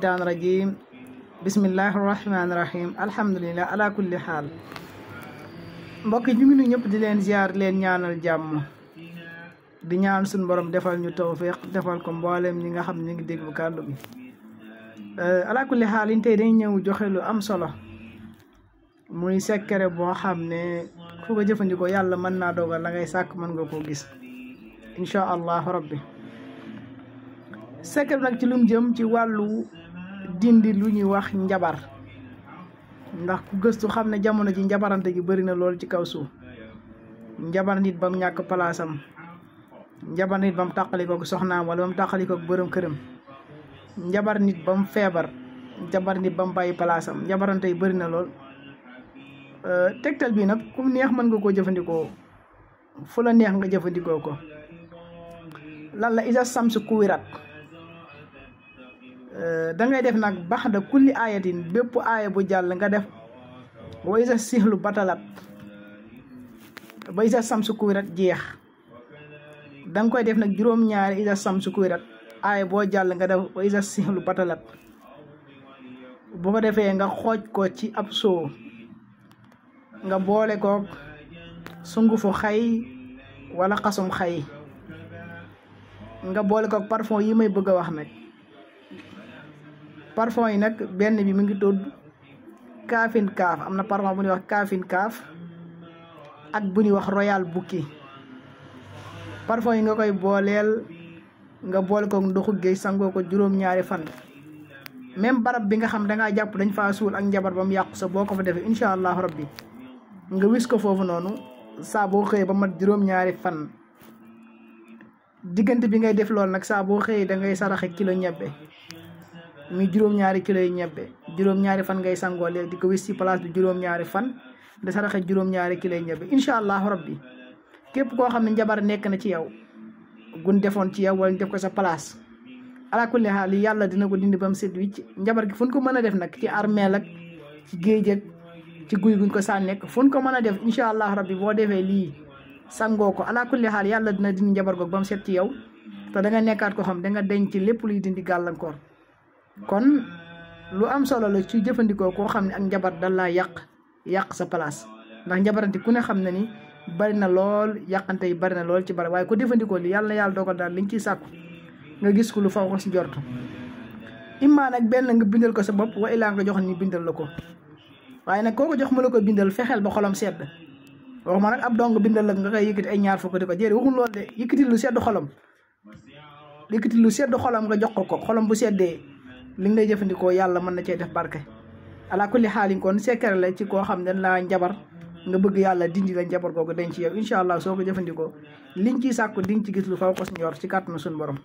الشيطان الرجيم بسم الله الرحمن الرحيم الحمد لله على كل حال mbokk yi ñu ngi nuyu ñëpp di leen ziar leen ñaanal jàmm di ñaan suñu borom defal ñu tawfiq defal ko mboolem ñi nga xam ñu ngi déglu kàddu bi ala kulli xaal in tey ñëw joxe lu am solo muy secret boo xam ne ko jëfandikoo yàlla mën naa dogal la ngay sàkk mën nga koo gis incha allah rabbi secret nag ci lum jëm ci wàllu dindi lu ñuy wax njabar ndax ku gëstu xamne jamono ji njabarante gi bari na lool ci kawsu njabar nit bam ñàkk palaasam njabar nit bam ko soxna wala bam ko jabar kërëm njabar nit bam febar njabar nit bam bàyyi palaasam njabarante yi bari na lool tektal bi nak ku neex man nga ko jëfëndiko fu la neex nga jëfëndiko ko lan la iza samsu kuwirat Euh, da ngay def nag bax da kulli aayatin bépp aaya bu jàll nga def way sa sixlu batalat ba isa sam sukuy jeex danga koy def nag juróom-ñaari isa sam aaya boo jàll nga def way sa sixlu batalat bu ko defee nga xooj ko ci ab soo nga boole ko sungufu xay wala xasum xay nga boole ko parfum yi may bëgg a wax nag parfum yi nak benn bi mi ngi tudd kafin kaf amna parfum bu ni wax kafin kaf ak bu ni wax royal bouquet. parfum yi nga koy booleel nga bol ko ndoxu géej sango ko juróom-ñaari fan même barab bi nga xam nga japp dañ fa sul ak njabar bam yaq sa boko fa inshallah rabbi nga wis ko fofu nonu sa bo xey ba mat juróom-ñaari fan diggante bi ngay def lool nak sa bo xey da ngay saraxé kilo muy juróom-ñaari kilo yi ñebbe juróom-ñaari fan ngay sangoo léegi di ko wis ci place bi juróom-ñaari fan di saraxe juróom-ñaari kilo yi ñebbe incha allah rabbi képp koo xam ne njabar nekk na ci yow gun defoon ci yow wala ñu ko sa place ala kulli xaal yàlla dina ko dindi ba mu set wicc njabar gi fu ko mën a def nag ci armeel ak ci géej ci guy guñ ko sànni nekk fu ko mën a def incha allah rabbi boo defee lii sangoo ko ala kulli xaal yàlla dina dindi njabar goog ba set ci yow te da nga nekkaat ko xam da nga denc lépp luy dindi gàllankoor. kon lu am solo la ci jëfëndiko ko xamni ak njabar da la yaq yaq sa place ndax njabarante ku ne xamna ni bari na lool yaqante yi bari na lool ci bari waaye ko defandiko li yalla yalla dogal dal liñ ci sakku nga gis ko lu faw ko si jortu imma nak ben nga bindal ko sa bop wa ila nga jox ni bindal lako waye nak koko ko jox malako bindal fexel ba xolam sedd waxuma nak ab dong bindal la nga kay yëkkati ay ñaar fuko diko ko waxul de yëkkati lu sedd xolam yëkkati lu sedd xolam nga jox ko ko xolam bu sedde li nga jëfandikoo yàlla mën na cee def barke ala kulli xaalin kon secret la ci koo xam ne laa njabar nga bëgg yàlla dindi la njabar googu denc yow incha allah soo ko jëfandikoo liñ ciy sàkku diñ ci gis lu faw ko suñu yor ci kàttanu suñu borom